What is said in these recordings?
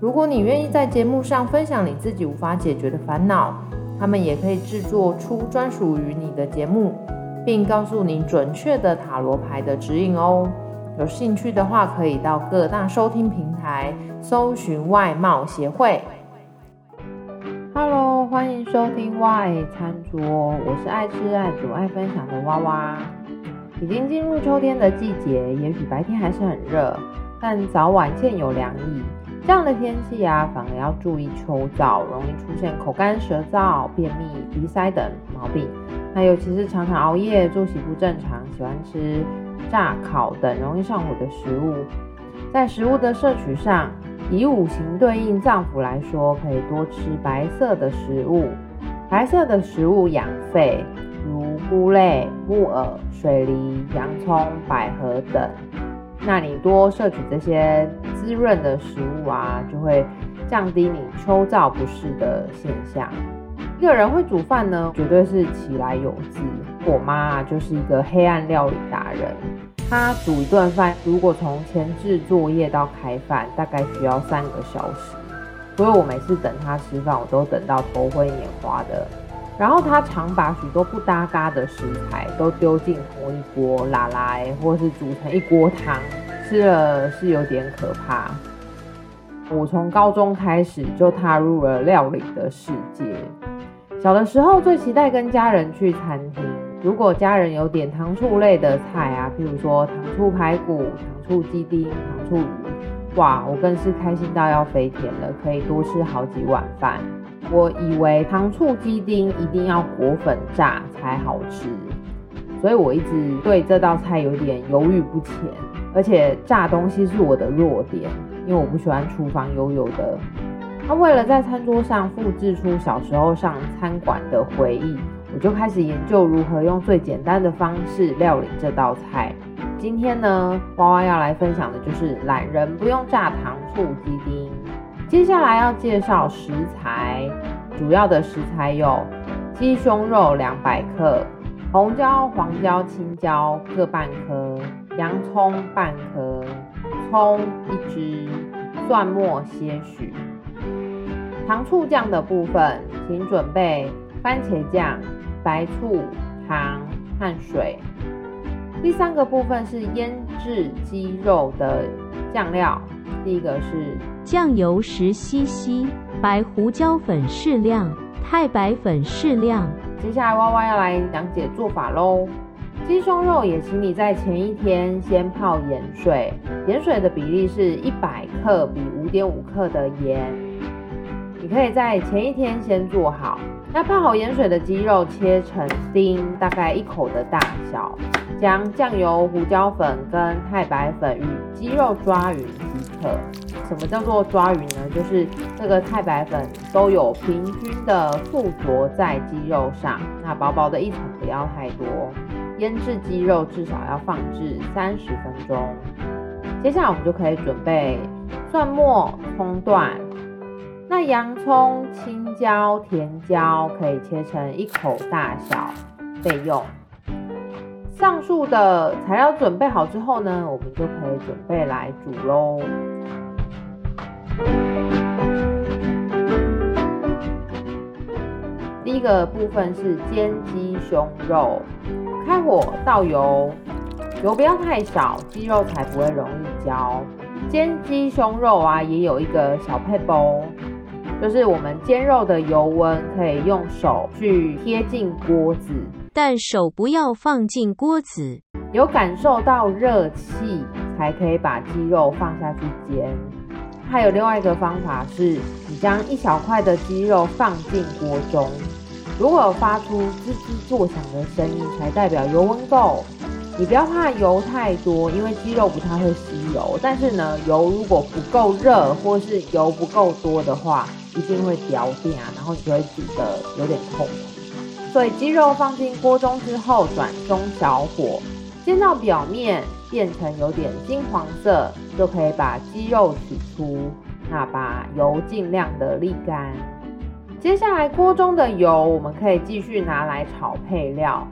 如果你願意在節目上分享你自己無法解決的煩惱，他們也可以制作出專屬於你的節目，並告訴你準確的塔羅牌的指引哦。有興趣的話，可以到各大收聽平台搜尋“外貌協會”。Hello，歡迎收聽 YA 餐桌，我是愛吃、愛煮、愛分享的蛙蛙。已經進入秋天的季節，也許白天還是很熱，但早晚漸有涼意。這樣的天氣啊，反而要注意秋燥，容易出現口乾舌燥、便秘、鼻塞等毛病。那尤其是常常熬夜、作息不正常、喜歡吃炸烤等容易上火的食物。在食物的攝取上，以五行對應臟腑來說，可以多吃白色的食物。白色的食物養肺，如菇類、木耳、水梨、洋蔥、百合等。那你多攝取這些滋潤的食物啊，就會降低你秋燥不適的現象。一個人會煮飯呢，絕對是起來有志。我媽啊，就是一個黑暗料理達人，她煮一頓飯，如果從前置作業到開飯，大概需要三個小時。所以我每次等她吃飯，我都等到頭昏眼花的。然後他常把許多不搭嘎的食材都丟進同一鍋拿來、欸，或是煮成一鍋湯，吃了是有點可怕。我從高中開始就踏入了料理的世界。小的時候最期待跟家人去餐廳，如果家人有點糖醋類的菜啊，譬如說糖醋排骨、糖醋雞丁、糖醋魚，哇，我更是開心到要飛天了，可以多吃好幾碗飯。我以為糖醋雞丁一定要裹粉炸才好吃，所以我一直對這道菜有點猶豫不前。而且炸東西是我的弱點，因為我不喜歡廚房油油的。那為了在餐桌上複製出小時候上餐館的回憶，我就開始研究如何用最簡單的方式料理這道菜。今天呢，蛙蛙要來分享的就是懶人不用炸糖醋雞丁。接下來要介紹食材，主要的食材有雞胸肉兩百克，紅椒、黃椒、青椒各半顆，洋蔥半顆，蔥一支，蒜末些許。糖醋醬的部分，請準備番茄醬、白醋、糖和水。第三個部分是醃製雞肉的醬料，第一個是。醬油十 cc，白胡椒粉適量，太白粉適量。接下來蛙蛙要來講解做法嘍。雞胸肉也請你在前一天先泡鹽水，鹽水的比例是一百克比五點五克的鹽。你可以在前一天先做好。那泡好鹽水的雞肉切成丁，大概一口的大小，將醬油、胡椒粉跟太白粉與雞肉抓勻即可。什麼叫做抓勻呢？就是這個太白粉都有平均的附着在雞肉上，那薄薄的一層不要太多。醃製雞肉至少要放置三十分鐘。接下來我們就可以準備蒜末、蔥段，那洋蔥、青椒甜椒可以切成一口大小備用。上述的材料準備好之後呢，我們就可以準備來煮嘍。第一個部分是煎雞胸肉，開火倒油，油不要太少，雞肉才不會容易焦。煎雞胸肉啊，也有一個小配包，就是我們煎肉的油溫，可以用手去貼近鍋子，但手不要放進鍋子，有感受到熱氣才可以把雞肉放下去煎。還有另外一個方法是，你將一小塊的雞肉放進鍋中，如果發出滋滋作響的聲音，才代表油溫夠。你不要怕油太多，因為雞肉不太會吸油，但是呢，油如果不夠熱或是油不夠多的話，一定會咬定啊，然後你就會煮得有點痛。所以雞肉放進鍋中之後，轉中小火，煎到表面變成有點金黃色，就可以把雞肉取出。那把油儘量的瀝乾。接下來鍋中的油，我們可以繼續拿來炒配料。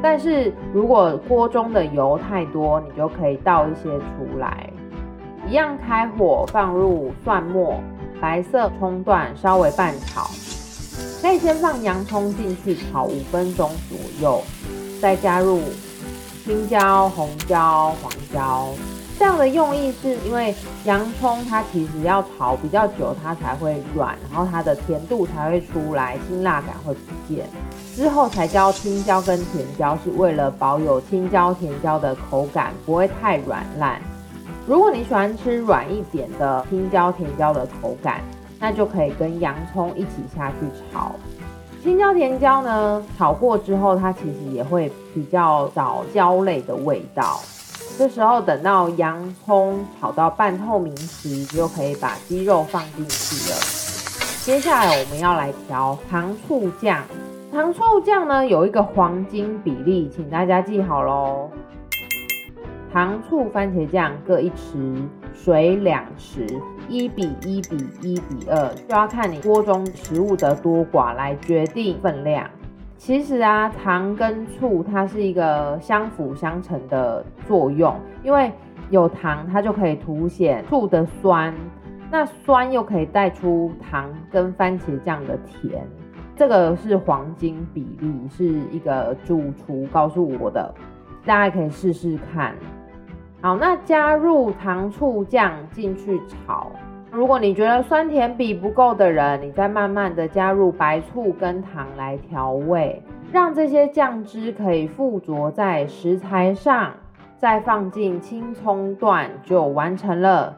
但是如果鍋中的油太多，你就可以倒一些出來。一樣開火，放入蒜末。白色蔥段稍微拌炒，可以先放洋蔥進去炒五分鐘左右，再加入青椒、紅椒、黃椒。這樣的用意是因為洋蔥它其實要炒比較久，它才會軟，然後它的甜度才會出來，辛辣感會不見。之後才加青椒跟甜椒，是為了保有青椒甜椒的口感，不會太軟爛。如果你喜歡吃軟一點的青椒甜椒的口感，那就可以跟洋蔥一起下去炒。青椒甜椒呢，炒過之後，它其實也會比較少椒類的味道。這時候等到洋蔥炒到半透明時，就可以把雞肉放進去了。接下來我們要來調糖醋醬，糖醋醬呢有一個黃金比例，請大家記好嘍。糖醋番茄醬各一匙，水兩匙，一比一比一比二，就要看你鍋中食物的多寡來決定分量。其實啊，糖跟醋它是一個相輔相成的作用，因為有糖它就可以凸顯醋的酸，那酸又可以帶出糖跟番茄醬的甜。這個是黃金比例，是一個主廚告訴我的，大家可以試試看。好，那加入糖醋醬進去炒。如果你覺得酸甜比不夠的人，你再慢慢地加入白醋跟糖來調味，讓這些醬汁可以附着在食材上，再放進青蔥段就完成了。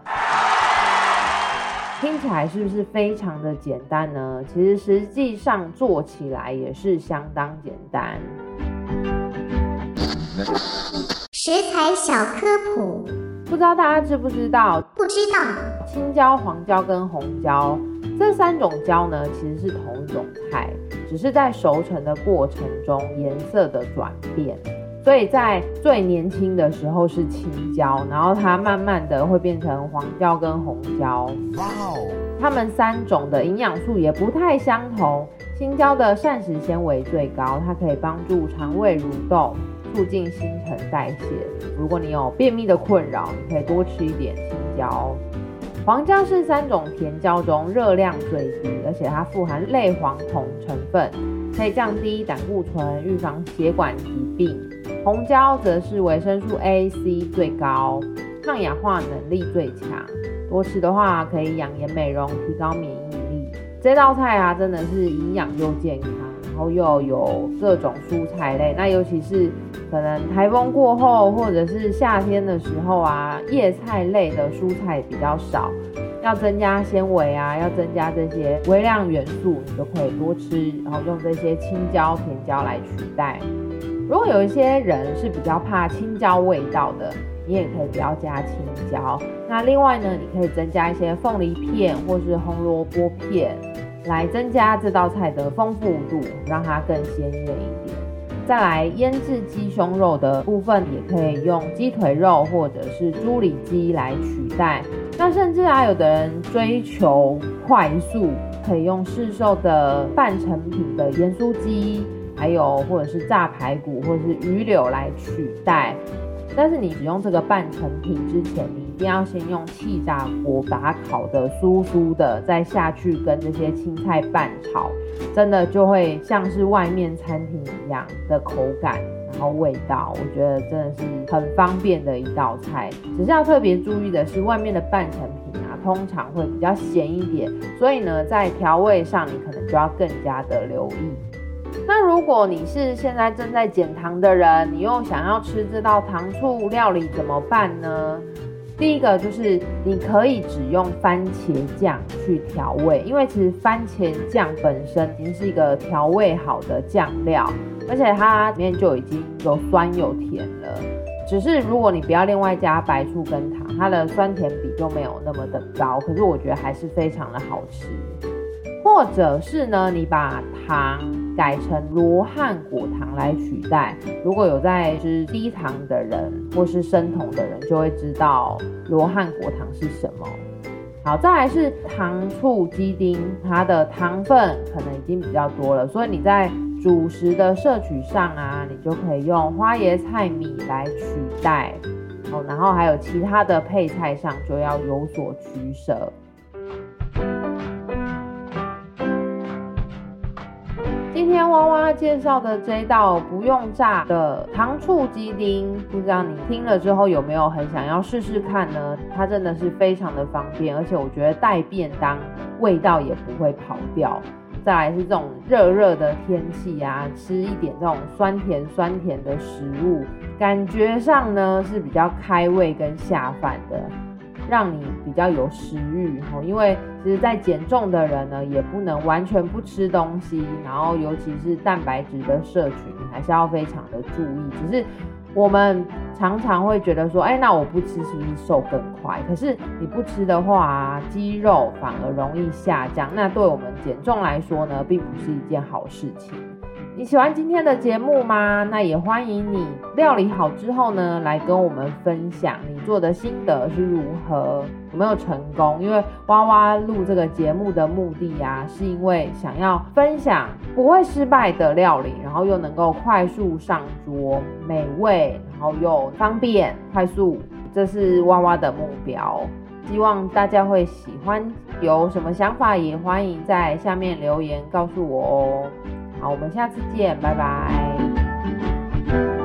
聽起來是不是非常的簡單呢？其實實際上做起來也是相當簡單。 食材小科普，不知道大家知不知道？不知道。青椒、黃椒跟紅椒這三種椒呢，其實是同一種菜，只是在熟成的過程中顏色的轉變。所以在最年輕的時候是青椒，然後它慢慢的會變成黃椒跟紅椒。哇哦！它們三種的營養素也不太相同，青椒的膳食纖維最高，它可以幫助腸胃蠕動，促進新陳代謝。如果你有便秘的困擾，你可以多吃一點青椒。黃椒是三種甜椒中熱量最低，而且它富含類黃酮成分，可以降低膽固醇，預防血管疾病。紅椒則是維生素 A、C 最高，抗氧化能力最強。多吃的話可以養顏美容，提高免疫力。這道菜啊，真的是營養又健康。然後又有各種蔬菜類，那尤其是可能台風過後或者是夏天的時候啊，葉菜類的蔬菜比較少，要增加纖維啊，要增加這些微量元素，你就可以多吃，然後用這些青椒、甜椒來取代。如果有一些人是比較怕青椒味道的，你也可以不要加青椒。那另外呢，你可以增加一些鳳梨片或是紅蘿卜片。來增加這道菜的豐富度，讓它更鮮艷一點。再來醃製雞胸肉的部分，也可以用雞腿肉或者是豬里脊來取代。那甚至啊，有的人追求快速，可以用市售的半成品的鹽酥雞，還有或者是炸排骨，或者是魚柳來取代。但是你使用這個半成品之前，一定要先用氣炸鍋把它烤得酥酥的，再下去跟這些青菜拌炒，真的就會像是外面餐廳一樣的口感，然後味道，我覺得真的是很方便的一道菜。只是要特別注意的是，外面的半成品啊，通常會比較鹹一點，所以呢，在調味上你可能就要更加的留意。那如果你是現在正在減糖的人，你又想要吃這道糖醋料理怎麼辦呢？第一個就是你可以只用番茄醬去調味，因為其實番茄醬本身已經是一個調味好的醬料，而且它裡面就已經有酸有甜了。只是如果你不要另外加白醋跟糖，它的酸甜比就沒有那麼的高，可是我覺得還是非常的好吃。或者是呢，你把糖。改成羅漢果糖來取代。如果有在吃低糖的人或是生酮的人，就會知道羅漢果糖是什麼。好，再來是糖醋雞丁，它的糖分可能已經比較多了，所以你在主食的攝取上啊，你就可以用花椰菜米來取代。哦，然後還有其他的配菜上就要有所取捨。今天娃娃介紹的這道不用炸的糖醋雞丁，不知道你聽了之後有沒有很想要試試看呢？它真的是非常的方便，而且我覺得帶便當味道也不會跑掉。再來是這種熱熱的天氣啊，吃一點這種酸甜酸甜的食物，感覺上呢是比較開胃跟下飯的。讓你比較有食慾，哦，因為其實，在減重的人呢，也不能完全不吃東西，然後尤其是蛋白質的攝取，你還是要非常的注意。只是我們常常會覺得說，哎、欸，那我不吃是不是瘦更快？可是你不吃的話啊，肌肉反而容易下降，那對我們減重來說呢，並不是一件好事情。你喜歡今天的節目嗎？那也歡迎你料理好之後呢，來跟我們分享你做的心得是如何，有沒有成功？因為蛙蛙錄這個節目的目的呀，是因為想要分享不會失敗的料理，然後又能夠快速上桌，美味，然後又方便快速，這是蛙蛙的目標。希望大家會喜歡，有什麼想法也歡迎在下面留言告訴我哦。好，我們下次見，拜拜。